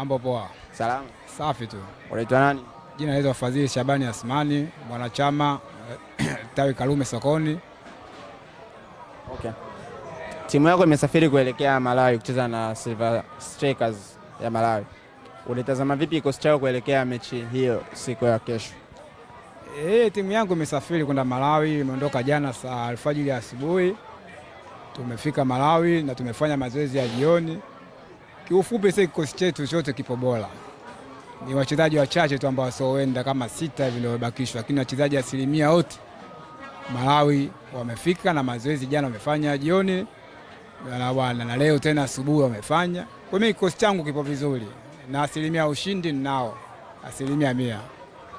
Mambo poa. Salama. Safi tu. Unaitwa nani? Jina naitwa Fadhili Shabani Asmani, mwanachama eh, tawi Karume Sokoni. Okay. Timu yako imesafiri kuelekea Malawi kucheza na Silver Strikers ya Malawi. Ulitazama vipi kikosi chao kuelekea mechi hiyo siku ya kesho? E, timu yangu imesafiri kwenda Malawi, imeondoka jana saa alfajiri ya asubuhi. Tumefika Malawi na tumefanya mazoezi ya jioni Kiufupi sasa kikosi chetu chote kipo bora, ni wachezaji wachache tu ambao wasioenda kama sita hivi ndio wamebakishwa, lakini wachezaji asilimia wote Malawi wamefika na mazoezi jana wamefanya jioni wanawana na leo tena asubuhi wamefanya. Kwa mimi kikosi changu kipo vizuri na asilimia ushindi ninao asilimia mia.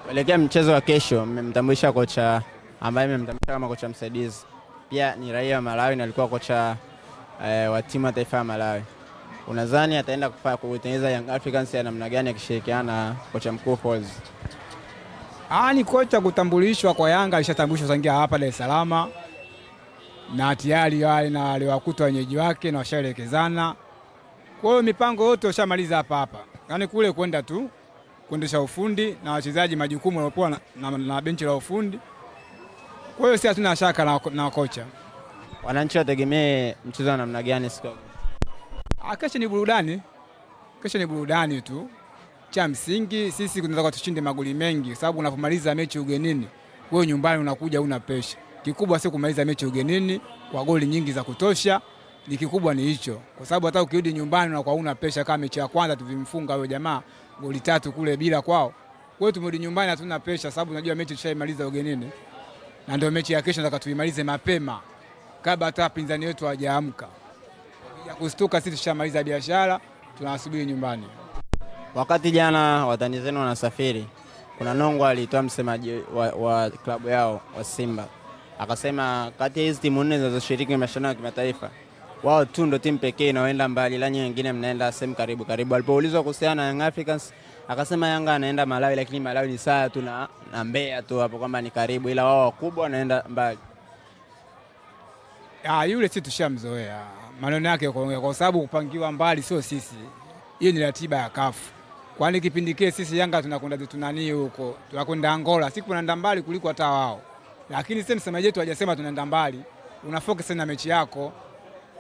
Kuelekea mchezo wa kesho, mmemtambulisha kocha ambaye mmemtambulisha kama kocha msaidizi, pia ni raia wa Malawi na alikuwa kocha eh, wa timu ya taifa ya Malawi unadhani ataenda kutengeneza Young Africans ya namna gani akishirikiana na kocha mkuu Folz? Ah, ni kocha kutambulishwa kwa Yanga, alishatambulishwa tangia hapa Dar es Salaam na tayari wale na aliwakuta wenyeji wake na washaelekezana. Kwa hiyo mipango yote washamaliza hapa hapa, yaani kule kwenda tu kuendesha ufundi na wachezaji majukumu waliopewa na, na, na benchi la ufundi. Kwa hiyo si hatuna shaka na, na kocha. Wananchi wategemee mchezo wa namna gani siku Ah, kesho ni burudani, kesho ni burudani tu. Cha msingi sisi tunataka tushinde magoli mengi, sababu unapomaliza mechi ugenini, wewe nyumbani unakuja una pesha. Kikubwa si kumaliza mechi ugenini kwa goli nyingi za kutosha, ni kikubwa ni hicho, kwa sababu hata ukirudi nyumbani unakuwa una pesha. Kama mechi ya kwanza tuvimfunga huyo jamaa goli tatu kule bila kwao, wewe tumerudi nyumbani hatuna pesha, sababu unajua mechi tushaimaliza ugenini, na ndio mechi ya kesho nataka tuimalize mapema kabla hata pinzani wetu hawajaamka kustuka, sisi tushamaliza biashara, tunawasubiri nyumbani. Wakati jana watani zenu wanasafiri, kuna Nongwa alitoa msemaji wa, wa klabu yao wa Simba akasema kati ya hizi timu nne zinazoshiriki mashindano ya kimataifa wao tu ndo timu pekee inaoenda mbali, lanyi wengine mnaenda sehemu karibu karibu. Alipoulizwa kuhusiana na Young Africans akasema Yanga anaenda Malawi, lakini Malawi ni saa tu na Mbeya tu hapo, kwamba ni karibu, ila wao wakubwa wanaenda mbali. Ah, yule si tushamzoea maneno yake kuongea, kwa sababu kupangiwa mbali sio sisi, hiyo ni ratiba ya kafu. Kwani kipindi kile sisi Yanga tunakwenda tunanii huko, tunakwenda Angola, siku tunaenda mbali kuliko hata wao, lakini sisi msemaji wetu hajasema tunaenda mbali. Una focus na mechi yako,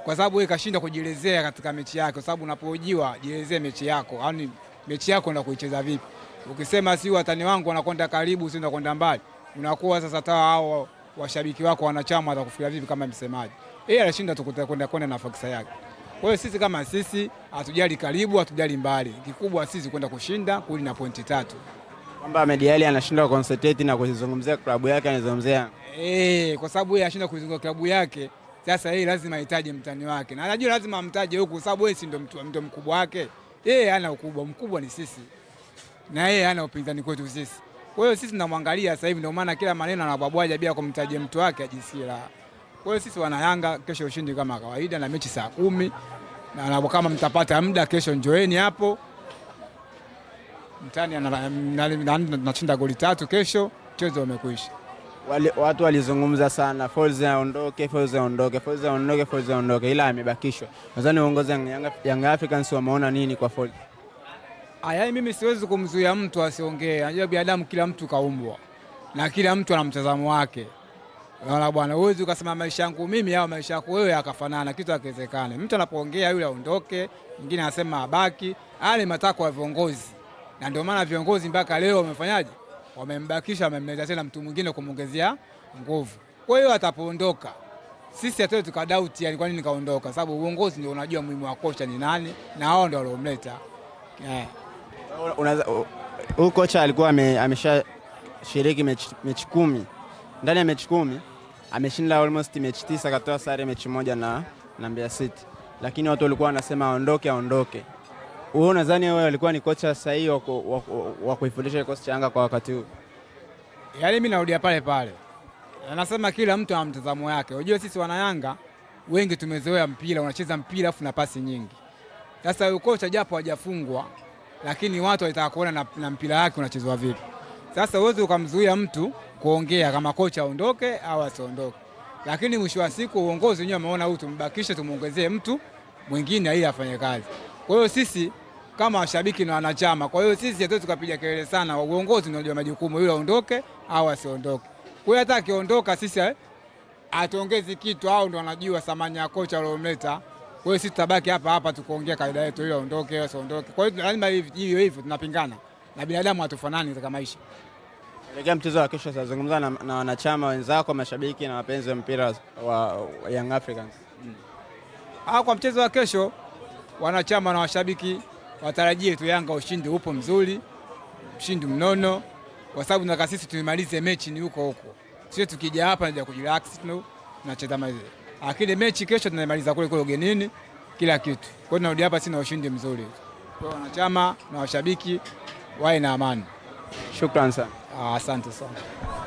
kwa sababu wewe kashinda kujielezea katika mechi yako, kwa sababu unapojiwa jielezee mechi yako, yani mechi yako ndio kuicheza vipi. Ukisema si watani wangu wanakwenda karibu, si wanakwenda mbali, unakuwa sasa hata hao washabiki wako wanachama watakufikiria vipi kama msemaji. Yeye anashinda tu kwenda kwenda na faksa yake. Kwa hiyo sisi kama sisi hatujali karibu, hatujali mbali, kikubwa sisi kwenda kushinda kuli na pointi tatu. Kwamba Ahmed Ally anashindwa concentrate na kuzizungumzia klabu yake, anazungumzia eh, kwa sababu yeye anashinda kuzungumzia klabu yake. Sasa yeye lazima ahitaji mtani wake, na anajua lazima amtaje huko kwa sababu yeye si ndo mtu mkubwa wake. Yeye ana ukubwa, mkubwa ni sisi, na yeye ana upinzani kwetu sisi. Kwa hiyo sisi tunamwangalia sasa hivi, ndio maana kila maneno anabwabwaja bila kumtaja mtu wake ajisira. Kwa hiyo sisi wana Yanga, kesho ushindi kama kawaida, na mechi saa kumi na kama mtapata muda kesho, njoeni hapo mtani anashinda goli tatu kesho, mchezo umekwisha. Wale, watu walizungumza sana Forza aondoke, Forza aondoke, Forza aondoke, Forza aondoke, ila amebakishwa. Nadhani uongozi Young Africans wameona nini kwa Forza? Aya, mimi siwezi kumzuia mtu asiongee. Najua binadamu, kila mtu kaumbwa na kila mtu ana mtazamo wake. Naona bwana, huwezi ukasema maisha yangu mimi au maisha yako wewe yakafanana, kitu hakiwezekani. Mtu anapoongea yule aondoke, mwingine anasema abaki. Haya ni matakwa ya viongozi, na ndio maana viongozi mpaka leo wamefanyaje? Wamembakisha, wamemleta tena mtu mwingine kumwongezea nguvu. Kwa hiyo atapoondoka, sisi hatuwe tukadauti, yani kwa nini kaondoka? Sababu uongozi ndio unajua muhimu wa kocha ni nani, na hao ndio waliomleta yeah huyu kocha alikuwa ameshashiriki mechi, mechi kumi. Ndani ya mechi kumi ameshinda almost mechi tisa, akatoa sare mechi moja na, na Mbeya City, lakini watu walikuwa wanasema aondoke, aondoke. Wewe unadhani wewe alikuwa ni kocha sahihi wa kuifundisha kikosi cha Yanga kwa wakati huu? Yaani mimi narudia pale pale, anasema kila mtu ana mtazamo wake. Unajua sisi wana Yanga wengi tumezoea mpira, unacheza mpira afu na pasi nyingi. Sasa ukocha kocha japo hajafungwa lakini watu walitaka kuona na, na mpira wake unachezwa vipi. Sasa uwezi ukamzuia mtu kuongea kama kocha aondoke au asiondoke, lakini mwisho wa siku uongozi wenyewe ameona huyu tumbakishe, tumuongezee mtu mwingine ili afanye kazi. Kwa hiyo sisi kama washabiki na wanachama, kwa hiyo sisi hatuwezi tukapiga kelele sana. Uongozi unajua majukumu, yule aondoke au asiondoke. Kwa hiyo hata akiondoka sisi eh, atuongezi kitu, au ndo anajua thamani ya kocha aliomleta kwa hiyo sisi tutabaki hapa hapa tukuongea kawaida yetu, hiyo aondoke, hiyo asiondoke. Kwa hiyo lazima hivyo hivyo tunapingana, na binadamu hatufanani katika maisha. Elekea mchezo wa kesho, tazungumza na wanachama wenzako, mashabiki na wapenzi wa mpira wa Young Africans. Ah, kwa mchezo wa kesho, wanachama na washabiki watarajie tu Yanga ushindi upo mzuri, ushindi mnono, kwa sababu nataka sisi tuimalize mechi ni huko huko, sio tukija hapa na kujirelax tunacheza lakini mechi kesho tunaimaliza kule kule ugenini, kila kitu. Kwa hiyo tunarudi hapa sina ushindi mzuri. Kwa hiyo wanachama na washabiki wae na amani. Shukrani sana. Ah, asante sana.